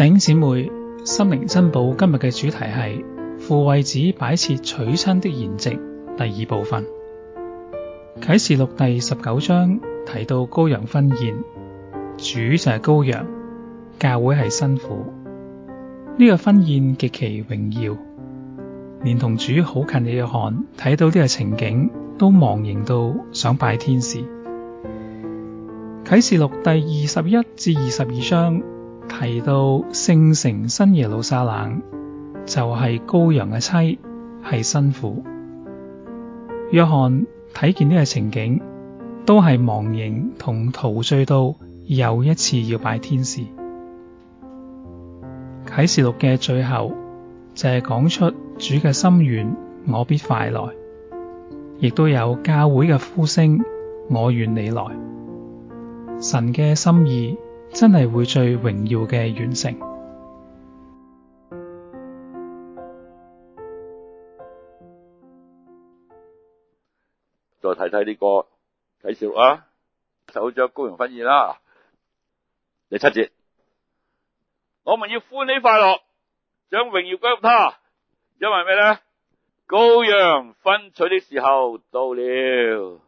弟兄姊妹心靈珍寶，今日嘅主題係父為子擺設娶親的筵席第二部分。啟示錄第十九章提到羔羊婚宴，主就係羔羊，教會係新婦。呢、這個婚宴極其榮耀，連同主好近嘅約翰，睇到呢個情景都忘形到想拜天使。啟示錄第二十一至二十二章。提到聖城新耶路撒冷，就係羔羊嘅妻，係新婦。約翰睇見呢個情景，都係忘形同陶醉到又一次要拜天使。啟示錄嘅最後就係講出主嘅心願：我必快來，亦都有教會嘅呼聲：我願你來。神嘅心意。真係會最榮耀嘅完成。再睇睇呢個啟示啊，首章羔羊婚宴啦，第七節。我們要歡喜快樂，將榮耀歸給他。因為咩咧？羔羊婚娶的時候到了，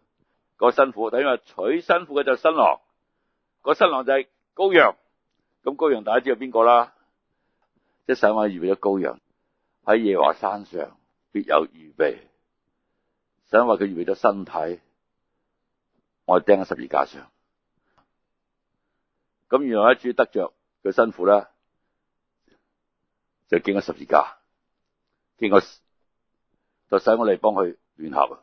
個新婦等於話娶新婦嘅就新郎，個新郎就係、是。高陽，咁高陽大家知道邊個啦？即係想話預備咗高陽，喺耶和華山上必有預備，想話佢預備咗身體，我哋釘喺十字架上。咁原來，一主得着佢辛苦啦，就經咗十字架，經咗就使我哋幫佢聯合啊！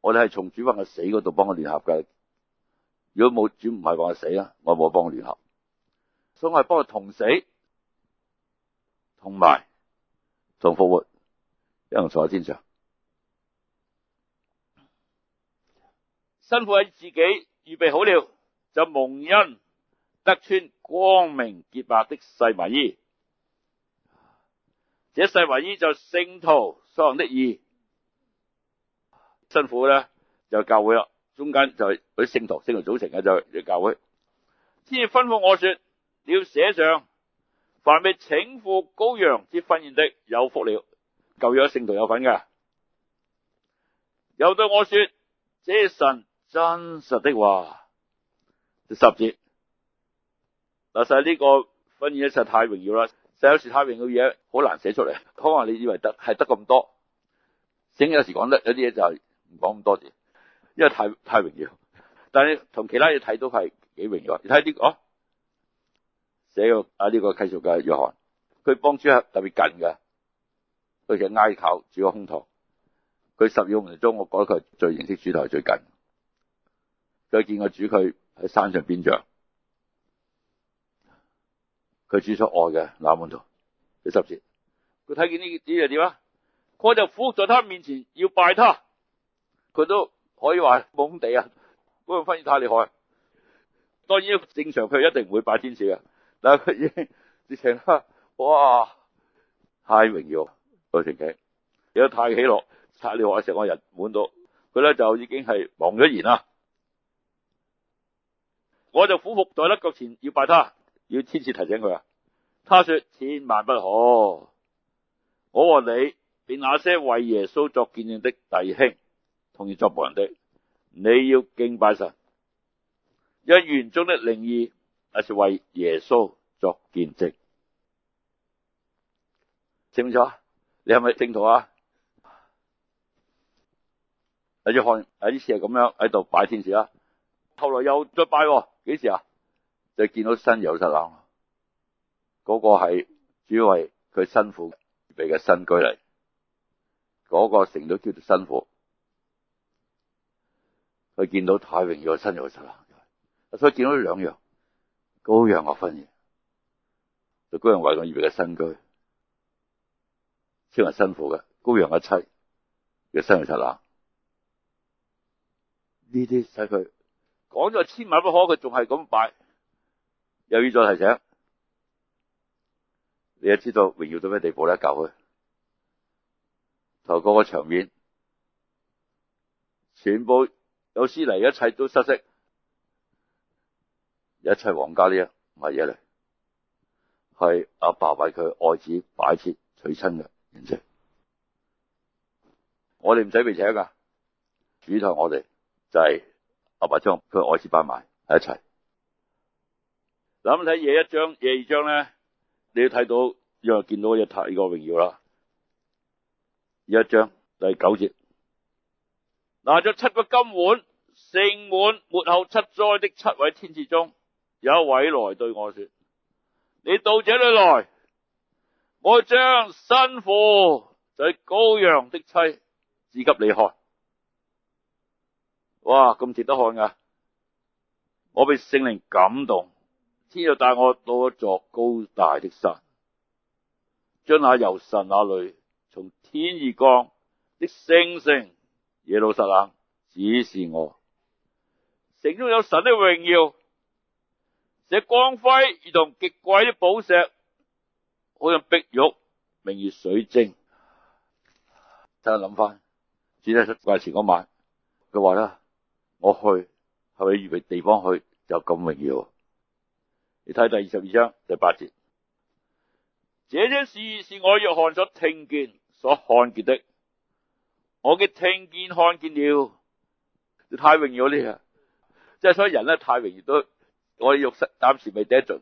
我哋係從主法嘅死嗰度，幫佢聯合噶。如果冇主唔係話死啊，我冇幫佢聯合，所以我係幫佢同死，同埋同復活。有人坐喺天上，新婦喺自己預備好了，就蒙恩得穿光明潔白的細麻衣。這細麻衣就聖徒所行的義，新婦呢，就教會咯。中間就係嗰啲聖徒，聖徒組成嘅就係教會，先至吩咐我說，你要寫上，凡被請赴羔羊之婚筵的有福了，舊約聖徒有份嘅。又對我說，這神真實的話。十節，嗱，實呢個婚宴嘅實太榮耀啦，寫有時太榮耀嘢，好難寫出嚟。可能你以為得係得咁多，聖經有時講得有啲嘢就係唔講咁多字。因為太太榮耀，但係同其他嘢睇都係幾榮耀。你睇呢、這個寫、啊啊這個啊呢個記載嘅約翰，佢幫主客特別近嘅，佢就實哀求主嘅胸膛。佢十二門徒中，我覺得佢最認識主頭最近。佢見個主佢喺山上變像，佢主出愛嘅滿門徒。佢十節，佢睇見呢啲嘢點啊？佢就俯伏在他面前要拜他，佢都。可以話懵地啊！嗰、那個翻譯太厲害，當然正常佢一定唔會拜天使。但嗱，佢已經直情吓，哇！太榮耀，我神奇有太喜樂，太你話成個人滿到佢咧，就已經係忙咗然啦。我就俯伏在甩腳前要拜他，要天使提醒佢啊。他說：千萬不可！我和你，並那些為耶穌作見證的弟兄。同意作僕人的，你要敬拜神，因原宗的靈意，是為耶穌作見證。清楚？你係咪正途啊？有啲看，有啲似係咁樣喺度拜天使啊。後來又再拜、啊，幾時啊？就見到新有實樓，嗰、那個係主要為佢辛苦預嘅新居嚟，嗰、那個成都叫做辛苦。佢見到太榮耀嘅新耶路撒冷，所以見到兩樣羔羊婚筵就羔羊為我預備嘅新居，千萬辛苦嘅羔羊嘅妻嘅新耶路撒冷，呢啲使佢講咗千萬不可，佢仲係咁拜。又要再提醒你，一知道榮耀到咩地步咧？教佢頭嗰個場面全部。有師嚟，一切都失色，一切皇家呢嘢唔係嘢嚟，係阿爸，爸為佢愛子擺設娶親嘅筵席。我哋唔使被請㗎，主托我哋就係、是、阿爸將佢愛子擺埋喺一齊。諗你睇廿一章、廿二章咧，你要睇到又見到嘢睇個榮耀啦。廿一章第九節。拿咗七個金碗，盛滿末後七災的七位天使中，有一位來對我說：你到這裏來，我將新婦，就是、羔羊的妻，指給你看。哇，咁值得看㗎、啊！我被聖靈感動，天就帶我到一座高大的山，將那由神那裏從天而降的聖城。耶路撒冷，指示我，城中有神的榮耀，城的光輝如同極貴的寶石，好像碧玉，明如水晶。睇下諗翻，只出怪前嗰晚，佢話啦，我去，係咪預備地方去就咁榮耀？你睇第二十二章第八節，這些事是我約翰所聽見、所看見的。我嘅聽見看見了，太榮耀呢個，即係所以人咧太榮耀都，我哋肉身暫時未得盡，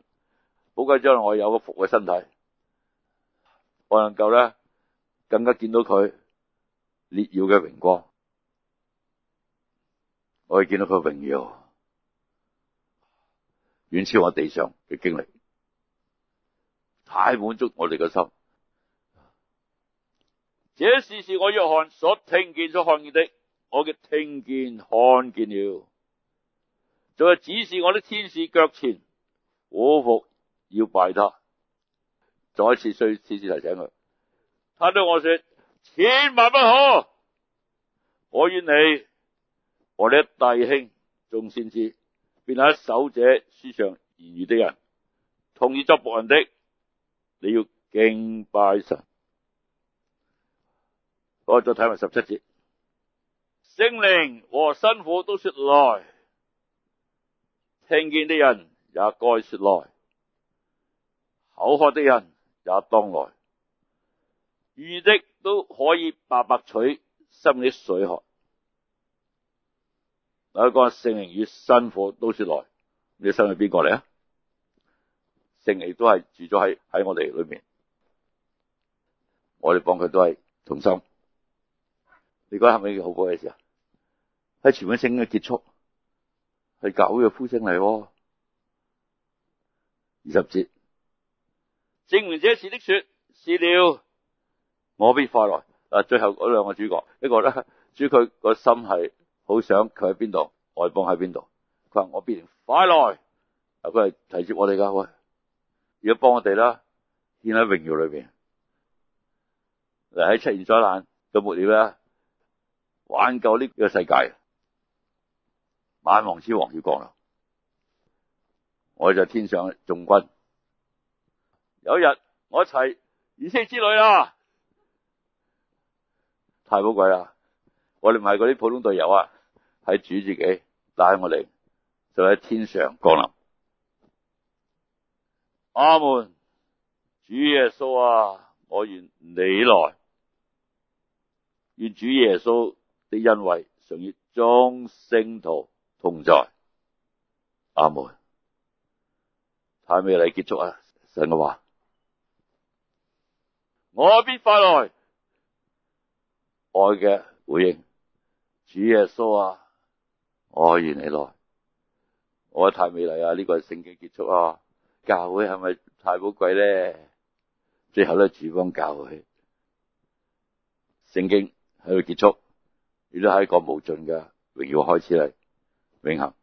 好鬼咗我有個復嘅身體，我能夠咧更加見到佢烈耀嘅榮光，我哋見到佢榮耀，遠超我地上嘅經歷，太滿足我哋嘅心。這事是我約翰所聽見所看見的，我既聽見看見了。就在指示我的天使腳前，俯伏要拜他。再次需再次提醒佢，他對我說：千萬不可！我與你和你弟兄眾先知，變喺守這書上言語的人，同是作僕人的，你要敬拜神。我再睇埋十七節，聖靈和新婦都說來，聽見的人也該說來，口渴的人也當來，願的都可以白白取，生命水喝。嗱，佢講聖靈與新婦都說來，你新婦係邊個嚟啊？聖靈都係住咗喺喺我哋裏面，我哋幫佢都係同心。你覺得係咪好過嘅事啊？喺全本聖經嘅結束係教會嘅呼聲嚟，二十節。證明這事的說，是了，我必快來。最後嗰兩個主角，一個咧，主佢個心係好想佢喺邊度，外邦喺邊度。佢話我必快來。佢係提接我哋噶喂，如果幫我哋啦，見喺榮耀裡邊。嚟喺七年災難到末了啦挽救呢個世界，萬王之王要降臨！我就天上眾君，有一日我一齊以色之旅女啊，太寶貴啦！我哋唔係嗰啲普通隊友啊，係主自己帶我嚟，就喺天上降臨。阿門！主耶穌啊，我願你來，願主耶穌。的恩惠常與眾聖徒同在，阿門。太美麗結束啊！神嘅話：我必快來。愛嘅回應，主耶穌啊，我願你來。我太美麗啊！呢、這個係聖經結束啊！教會係咪太寶貴呢？最後咧，主方教會，聖經喺度結束。亦都係一個無盡嘅榮耀開始嚟，永恆。